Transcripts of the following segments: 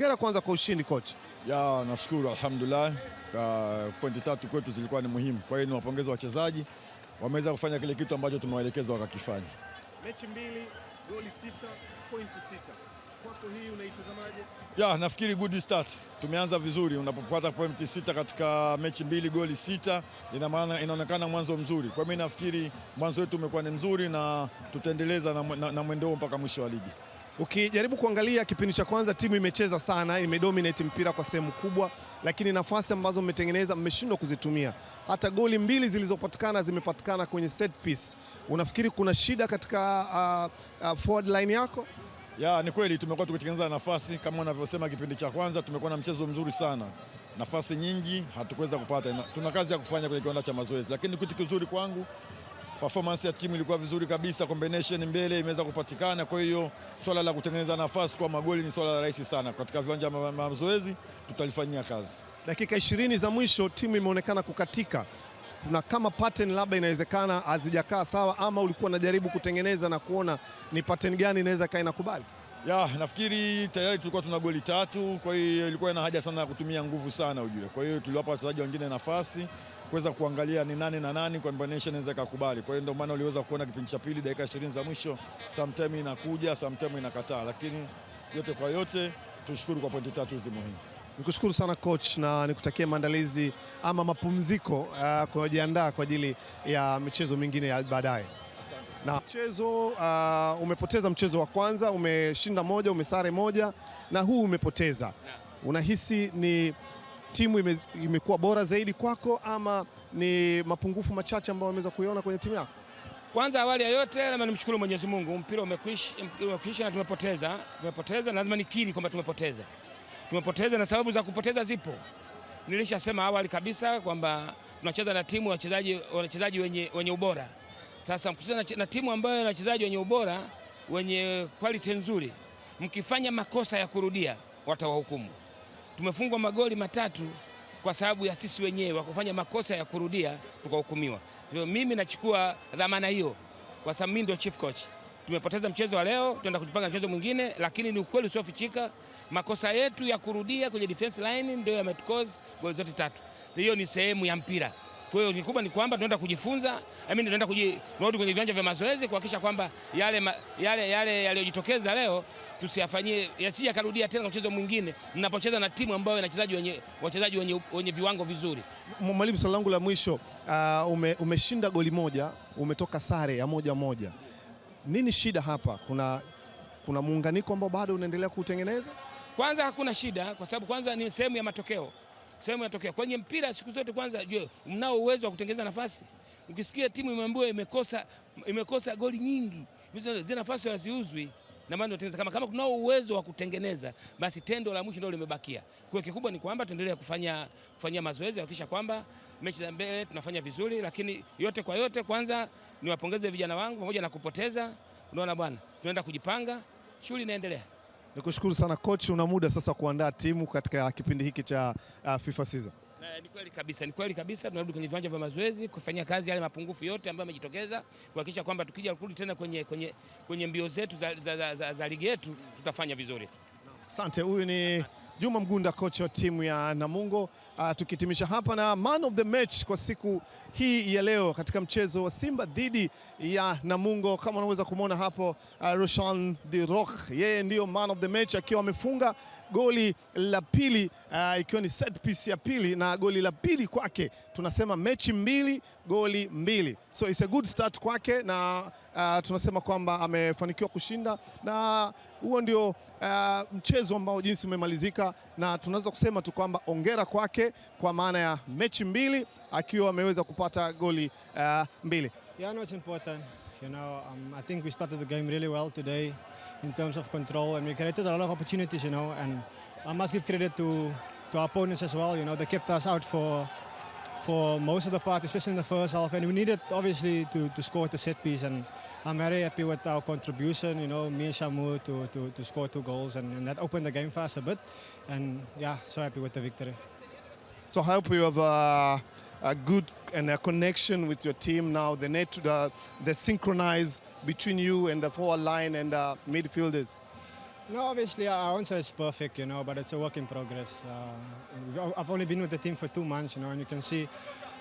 Hongera kwanza kwa ushindi coach. Ya, nashukuru alhamdulillah. Pointi tatu kwetu zilikuwa ni muhimu, kwa hiyo ni wapongeze wachezaji, wameweza kufanya kile kitu ambacho tumewaelekeza wakakifanya. Mechi mbili, goli sita, pointi sita. Kwako hii unaitazamaje? Ya, nafikiri good start, tumeanza vizuri. Unapopata pointi sita katika mechi mbili, goli sita, ina maana inaonekana mwanzo mzuri. Kwa mimi nafikiri mwanzo wetu umekuwa ni mzuri na tutaendeleza na, na, na mwendo mpaka mwisho wa ligi. Ukijaribu kuangalia kipindi cha kwanza timu imecheza sana, imedominate mpira kwa sehemu kubwa, lakini nafasi ambazo mmetengeneza mmeshindwa kuzitumia. Hata goli mbili zilizopatikana zimepatikana kwenye set piece. Unafikiri kuna shida katika uh, uh, forward line yako? Ya, ni kweli tumekuwa tukitengeneza nafasi kama unavyosema. Kipindi cha kwanza tumekuwa na mchezo mzuri sana, nafasi nyingi hatukuweza kupata. Tuna kazi ya kufanya kwenye kiwanda cha mazoezi, lakini kitu kizuri kwangu performance ya timu ilikuwa vizuri kabisa, combination mbele imeweza kupatikana. Kwa hiyo swala la kutengeneza nafasi kwa magoli ni swala la rahisi sana katika viwanja vya mazoezi, tutalifanyia kazi. Dakika ishirini za mwisho timu imeonekana kukatika, kuna kama pattern labda inawezekana hazijakaa sawa, ama ulikuwa unajaribu kutengeneza na kuona ni pattern gani inaweza kaa inakubali ya nafikiri tayari tulikuwa tuna goli tatu, kwa hiyo ilikuwa ina haja sana ya kutumia nguvu sana ujue. Kwa hiyo tuliwapa wachezaji wengine nafasi kuweza kuangalia ni nani na nani combination inaweza kukubali. Kwa hiyo ndio maana uliweza kuona kipindi cha pili dakika 20 za mwisho sometime inakuja sometime inakataa, lakini yote kwa yote tushukuru kwa pointi tatu hizi muhimu. Nikushukuru sana coach na nikutakie maandalizi ama mapumziko uh, kujiandaa kwa ajili ya michezo mingine ya baadaye. Na mchezo uh, umepoteza mchezo wa kwanza, umeshinda moja, umesare moja na huu umepoteza. Unahisi ni timu ime, imekuwa bora zaidi kwako ama ni mapungufu machache ambayo wameweza kuiona kwenye timu yako? Kwanza awali ya yote lazima nimshukuru Mwenyezi Mungu, mpira umekwisha na tumepoteza. Tumepoteza, lazima nikiri kwamba tumepoteza, tumepoteza na sababu za kupoteza zipo. Nilishasema awali kabisa kwamba tunacheza na timu wachezaji wachezaji wenye, wenye ubora. Sasa mkicheza na timu ambayo na wachezaji wenye ubora wenye quality nzuri, mkifanya makosa ya kurudia watawahukumu tumefungwa magoli matatu kwa sababu ya sisi wenyewe wa kufanya makosa ya kurudia tukahukumiwa. Hivyo mimi nachukua dhamana hiyo kwa sababu mimi ndio chief coach. Tumepoteza mchezo wa leo, tunaenda kujipanga mchezo mwingine, lakini ni ukweli usiofichika, makosa yetu ya kurudia kwenye defense line ndio yametcause goli zote tatu. Hiyo ni sehemu ya mpira. Kwa hiyo kikubwa ni kwamba tunaenda kujifunza, I mean tunaenda kurudi kwenye viwanja vya mazoezi kuhakikisha kwamba yale yale yale yaliyojitokeza leo tusiyafanyie, yasije yakarudia tena mchezo mwingine ninapocheza na timu ambayo wachezaji wenye wachezaji wenye, wenye viwango vizuri. Mwalimu, swali langu la mwisho uh, ume, umeshinda goli moja, umetoka sare ya moja moja, nini shida hapa? Kuna kuna muunganiko ambao bado unaendelea kuutengeneza? Kwanza hakuna shida, kwa sababu kwanza ni sehemu ya matokeo sehemu yatokea. Kwenye mpira siku zote, kwanza je, mnao uwezo wa kutengeneza nafasi? Ukisikia timu imeambiwa imekosa imekosa goli nyingi, zile nafasi haziuzwi na maana tunatengeneza kama kama kunao uwezo wa kutengeneza, basi tendo la mwisho ndio limebakia. Kwa kikubwa ni kwamba tuendelee kufanya kufanya mazoezi hakikisha kwamba mechi za mbele tunafanya vizuri, lakini yote kwa yote, kwanza niwapongeze vijana wangu pamoja na kupoteza. Unaona bwana, tunaenda kujipanga, shughuli inaendelea. Nikushukuru sana coach, una muda sasa kuandaa timu katika kipindi hiki cha uh, FIFA season. ni kweli kabisa, ni kweli kabisa. Tunarudi kwenye viwanja vya mazoezi kufanyia kazi yale mapungufu yote ambayo yamejitokeza, kuhakikisha kwamba tukija kurudi tena kwenye, kwenye, kwenye mbio zetu za, za, za, za, za ligi yetu tutafanya vizuri tu. Asante, huyu ni Juma Mgunda, kocha wa timu ya Namungo. Uh, tukihitimisha hapa na man of the match kwa siku hii ya leo katika mchezo wa Simba dhidi ya Namungo, kama unaweza kumwona hapo, uh, Roshan Dirokh, yeye ndiyo man of the match akiwa amefunga goli la pili uh, ikiwa ni set piece ya pili na goli la pili kwake, tunasema mechi mbili goli mbili, so it's a good start kwake na uh, tunasema kwamba amefanikiwa kushinda, na huo ndio uh, mchezo ambao jinsi umemalizika, na tunaweza kusema tu kwamba ongera kwake kwa maana ya mechi mbili akiwa ameweza kupata goli uh, mbili. Yeah, no, it's important. You know, um, I think we started the game really well today. in terms of control, and we created a lot of opportunities, you know. And I must give credit to to our opponents as well. You know, they kept us out for for most of the part, especially in the first half, and we needed obviously to to score the set piece. And I'm very happy with our contribution. You know, me and Shamu to to, to score two goals, and, and that opened the game for us a bit. And yeah, so happy with the victory. So I hope you have. Uh a good and a connection with your team now, the, net, the, uh, the synchronize between you and the forward line and the uh, midfielders? No, obviously our answer is perfect, you know, but it's a work in progress. Uh, I've only been with the team for two months, you know, and you can see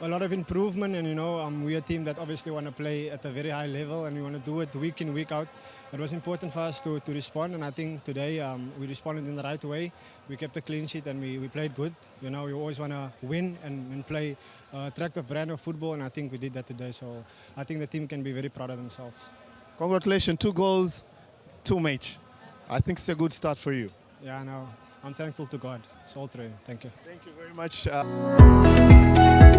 a lot of improvement. And you know, um, we're a team that obviously want to play at a very high level, and we want to do it week in, week out. It was important for us to, to respond, and I think today um, we responded in the right way. We kept a clean sheet and we, we played good. You know, we always want to win and, and play uh, attractive brand of football, and I think we did that today. So I think the team can be very proud of themselves. Congratulations, two goals, two match. I think it's a good start for you. Yeah, I know. I'm thankful to God. It's all true. Thank you. Thank you very much. Uh